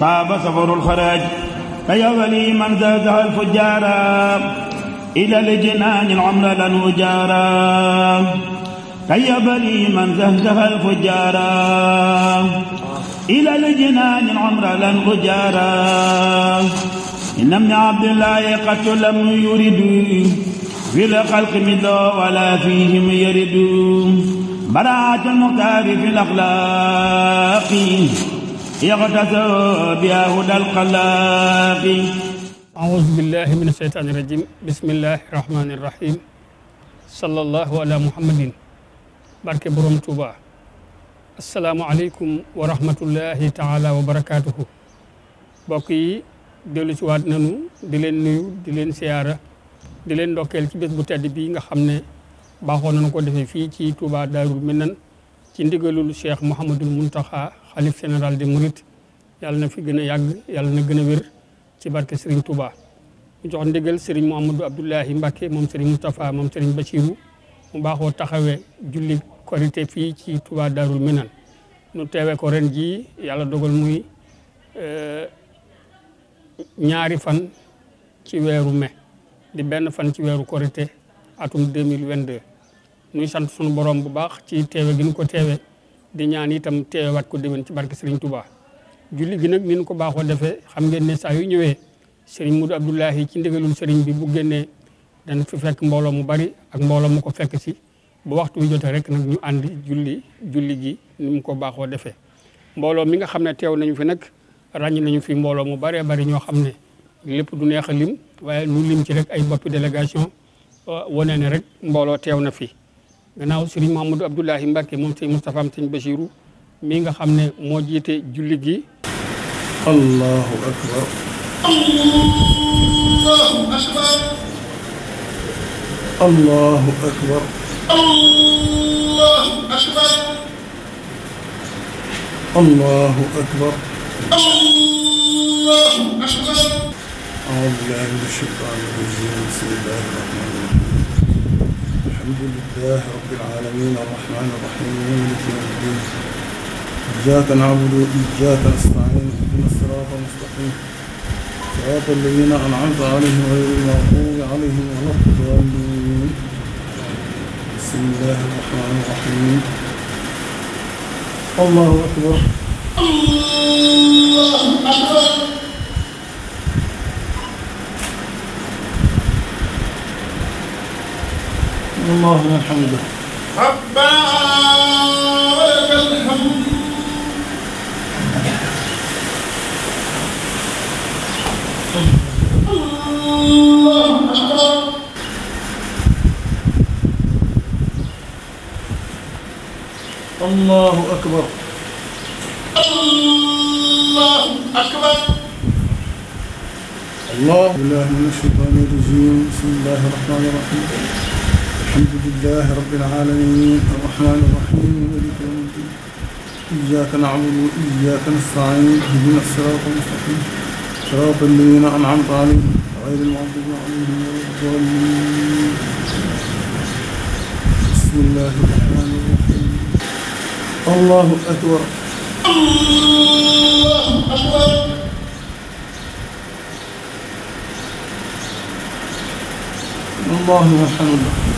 طاب سفر الخراج فيا ولي من زادها الفجار إلى الجنان العمر لن وجارا طيب لي من زهدها الفجار إلى الجنان العمر لن وجارا إن ابن عبد الله قد لم يرد في الخلق مدى ولا فيهم يرد براعة المختار في الأخلاق يغتسوا بها هدى الخلاق أعوذ بالله من الشيطان الرجيم بسم الله الرحمن الرحيم صلى الله barke borom Touba asalaamualeykum wa rahmatullahi taala wa barakaatuhu mbokk yi dellu si waat nanu di leen nuyu di leen siyaara di leen ndokkeel ci bés bu tedd bi nga xam ne baaxoo nañu ko defee fii ci Touba Daarul Minan ci ndigalul Cheikh Mouhamadul Mountakha xalif général de Mouride yàlla na fi gën a yàgg yàlla na gën a wér ci barke Serigne Touba. mu jox ndigal Serigne Mouhamadou Abdoulahi Mbacke moom Serigne Moustapha moom Serigne Bachirou mu baaxoo taxawee julli korité fii ci Touba daarul Minan nu teewee ko ren jii yàlla dogal muy euh, ñaari fan ci weeru mai di benn fan ci weeru korité atum 2022 nuy sant sunu borom bu baax ci teewe gi ñu ko teewe di ñaan itam teewaat ko déwén ci barke Serigne Touba. julli gi nag ni ko baaxoo defee xam ngeen ne saa yu ñëwee Serigne Moudou Abdoulahi ci ndigalul Serigne bi bu génnee dana fi fekk mbooloo mu bari ak mbooloo mu ko fekk si bu waxtu wi jotee rek nag ñu ànd julli julli gi ni mu ko baaxoo defee. mbooloo mi nga xam ne teew nañu fi nag ràññ nañu fi mbooloo mu baree bari ñoo xam ne lépp du neex a lim waaye nu lim ci rek ay boppi délégation wane ne rek mbooloo teew na fi. gannaaw sëriñ Mouhamadou Abdoulahi Mbacke moom sëñ Moustapha am sëñ mi nga xam ne moo jiite julli gi allahu akbar allahu akbar allahu akbar allahu akbar allahu akbar alhamdulilah rabbil aalamiin arrahmaani arrahiim maaliki yawmi ddiin iyyaaka na'budu wa iyyaaka nasta'iin ihdinas siraatal mustaqiim siraatal laziina an'amta alayhim ghayril maghduubi alayhim wa lad daalliin bismillaahi arrahmaani arrahiim allaahu akbar allaahu akbar الله لمن حمده ربنا الله أكبر الله أكبر الله بالله من الشيطان الرجيم بسم الله الرحمن الرحيم الحمد لله رب العالمين الرحمن الرحيم مالك يوم الدين إياك نعبد وإياك نستعين اهدنا الصراط المستقيم صراط الذين أنعمت عليهم غير المغضوب عليهم ولا الضالين بسم الله الرحمن الرحيم الله أكبر الله أكبر الله محمد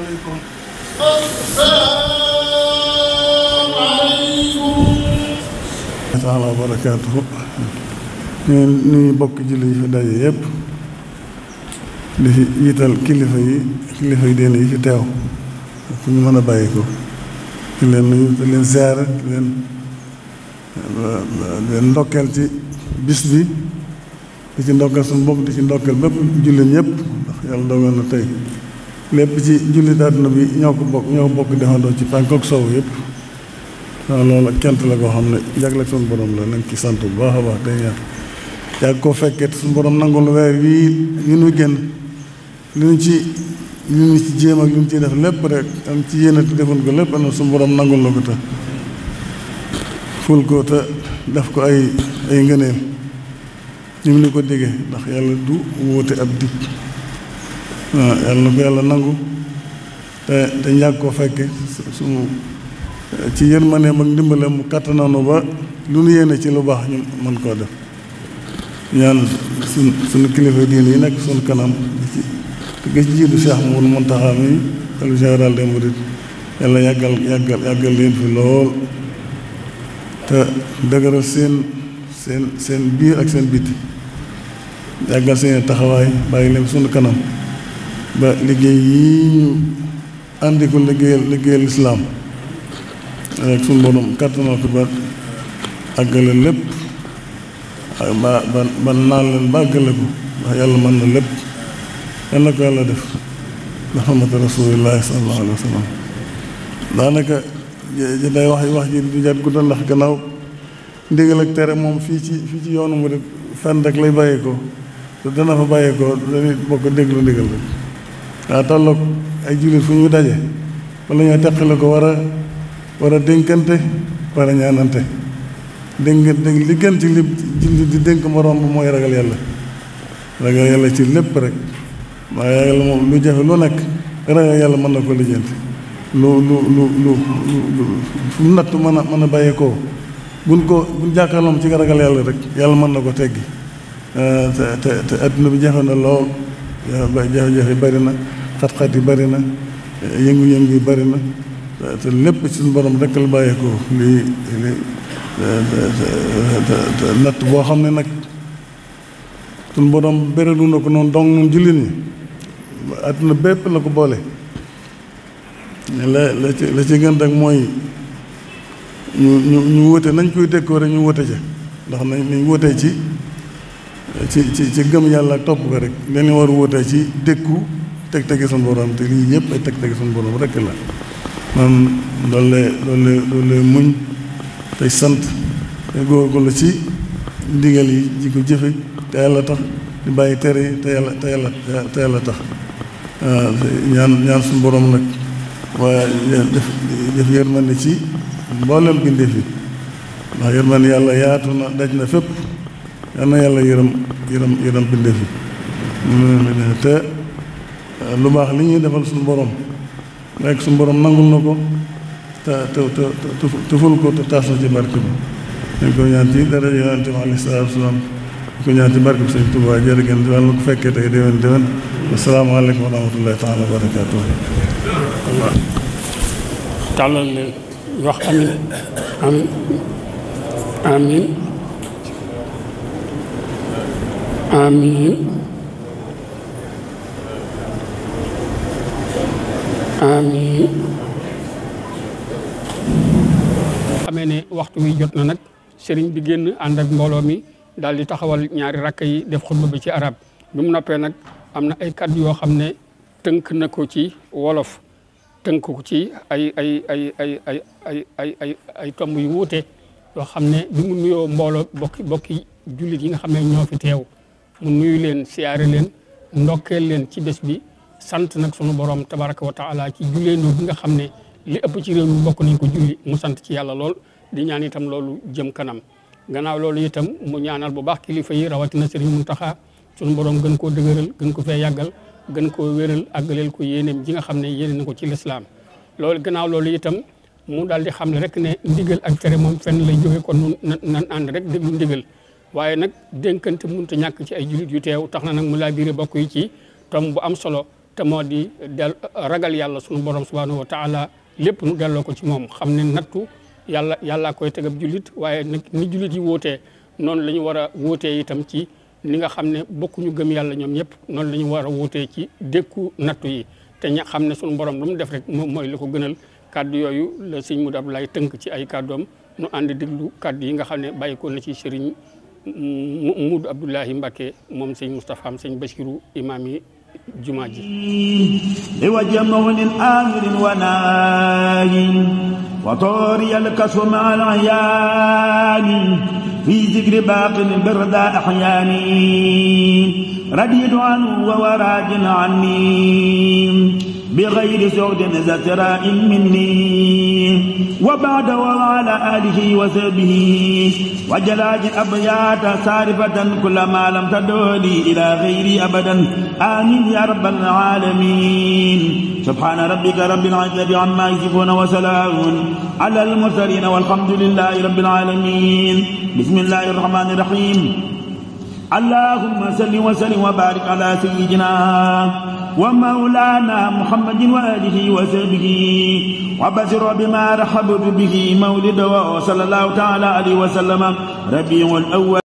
aleykum assalaamu aleykum taala wa barakaatuhu ñu nuyu bokk julli yi fi daje yépp di fi kilifa yi kilifa yi diine yi fi teew fu ñu mën a bàyyi ko di leen nuyu di leen ndokkeel ci bis bi di ci ndokkeel suñu bopp di ci ndokkeel bépp jullit ñëpp ndax yàlla dogal na tey lépp ci jullit àdduna bi ñoo ko bokk ñoo bokk defandoo ci fànk ak soow yëpp waaw loolu ak la koo xam ne jagle suñu boroom la nañ ci sant bu baax a baax tey ñaan yàgg koo fekkee suñu borom nangul weer wii ñu nu génn li ci li ñu ci jéem ak li ñu ciy def lépp am ci yéene te defoon lépp na suñu borom nangul la ko te ful ko te def ko ay ay ngëneel ñu ngi ko déggee ndax yàlla du wóote ab dig yàlla na ko yàlla nangu te te njàgg ko fekke suñu ci yërmandeem ak ndimbalam mu kàttananu ba lu nu yéene ci lu baax ñu mën koo def ñaan suñ kilifa diine yi nekk suñu kanam ci te ci jiitu Cheikh Mawal Mountakha mi xalifa général des mourides yàlla yàggal yàggal yàggal leen fi lool te dëgëral seen seen seen biir ak seen biti yàggal seen taxawaay bàyyi leen suñu kanam ba liggéey yii ñu àndi ko liggéeyal liggéeyal islaam rek suñu borom kàttanal ko ba lépp ba ba ba naan leen ba àggale ko ndax yàlla man na lépp yal na ko yàlla def muhammad rasulillahi sallallahu alayhi wa sallam daanaka day wax wax ji du jar guddal ndax gannaaw ndigal ak tere moom fii ci fii ci yoonu mu de fenn rek lay bàyyeekoo te dana fa bàyyeekoo dañuy bokk déglu ndigal rek daa tolloog ay jullit fu ñuy daje wala ñoo teqale ko war a war a dënkante war a ñaanante dénk dénk li gën ci li di dénk morom bu mooy ragal yàlla ragal yàlla ci lépp rek waaye yàlla moom lu jafe lu nag ragal yàlla mën na ko lijjanti lu lu lu lu lu natt mën a mën a bàyyeekoo buñ ko buñ jàkkaarloom ci ragal yàlla rek yàlla mën na ko teggi te te te adduna bi jafe na lool jafe jafe bari na xat-xat yi bëri na yëngu-yëngu yi bëri na te lépp ci suñu borom rekk la bàyyeekoo lii lii natt boo xam ne nag suñu borom bérélu na ko noonu donc ñun jullit ñi àdduna bépp la ko boole la la ci la gën rek mooy ñu ñu ñu wute nañ koy dékkoore ñu wute ca ndax nañ nañ wutee ci ci ci ci gëm yàlla ak topp ko rek dañu war a ci dékku teg-tegi suñu borom te lii yëpp ay teg-tegi suñu borom rekk la man loolu lay loolu muñ tey sant te góorgóorlu ci ndigal yi ji ko jëfe te yàlla tax di bàyyi tere te yàlla te yàlla te yàlla tax ñaan ñaan suñu borom nag waaye def def yërmande ci mboolem bindeef yi ndax yërmande yàlla yaatu na daj na fépp yal yàlla yërëm yërëm yërëm bindeef yi lu baax li ñuy defal suñu borom rek su borom nangul na ko te te te tuful ko te taas na ci barke bi dañ ko ñaan ci dara yonente bi aleyhi ko ñaan ci barke bi sëñ Tuubaa jërë ngeen na ko fekkee tey déwén déwén asalaamaaleykum wa rahmatullahi taala wa barakatuh tàllal leen wax amin amin amin amiin xamee ne waxtu wi jot na nag sëriñ bi génn ànd ak mbooloo mi daal di taxawal ñaari rakk yi def xutba bi ci arab bi mu noppee nag am na ay kàddu yoo xam ne tënk na ko ci wolof tënk ko ci ay ay ay ay ay ay ay ay tomb yu wuute yoo xam ne bi mu nuyoo mbooloo bokki bokki jullit yi nga xam ne ñoo fi teew mu nuyu leen siyaare leen ndokkeel leen ci bés bi sant nag sunu borom tabaraka wa taala ci julleendoo bi nga xam ne li ëpp ci réew mi bokk nañ ko julli mu sant ci yàlla lool di ñaan itam loolu jëm kanam gannaaw loolu itam mu ñaanal bu baax kilifa yi rawatina Serigne Mountakha sunu borom gën koo dëgëral gën ko fee yàggal gën koo wéral àggaleel ko yéeneem ji nga xam ne yéene na ko ci lislaam loolu gannaaw loolu itam mu daal di xam ne rek ne ndigal ak tere moom fenn lay jóge kon nun nan ànd rek déglu ndigal waaye nag dénkante mun te ñàkk ci ay jullit yu teew tax na nag mu laa biire bokk yi ci tom bu am solo te moo di del ragal yàlla sunu borom subhanahu wa taala lépp nu delloo ko ci moom xam ne nattu yàlla yàllaa koy tegab jullit waaye nag ni jullit yi wootee noonu la ñu war a wootee itam ci li nga xam ne bokkuñu gëm yàlla ñoom ñëpp noonu lañu ñu war a wootee ci dékku nattu yi te ña xam ne sunu borom lu mu def rek moom mooy li ko gënal kàddu yooyu la sëñ Moudou Abdoulaye tënk ci ay kàddoom nu ànd diglu kàddu yi nga xam ne bàyyi ko na ci sëriñ Moudou Abdoulaye Mbacke moom sëñ Moustapha am sëñ Bachirou imaam yi jumaa ji iwa jamawnin amirin wa naayin wa tooriyal kasu ma al ahyaani fi zikri baaqin birda ahyaani radiitu anhu wa waraajin anni bi xayri sowdin zatrain minni wa baada wa ala alihi wa sahbihi wa jalaaji abyaata saarifatan kullama lam tadooli ila xayri abadan amin ya rabbal alamin subhaana rabbika rabbil izzati amma yasifuuna wa salaamun ala al mursaliin walhamdulillahi rabbil alamin bismillahi rahmaani rahim allahumma salli wa sallim wa baarik ala sayyidina wa mawlaana muhammadin wa aalihi wa sahbihi wa basiro bima raxabatu bihi mawlida wa sallallahu taala alayhi wa sallama rabiul awwal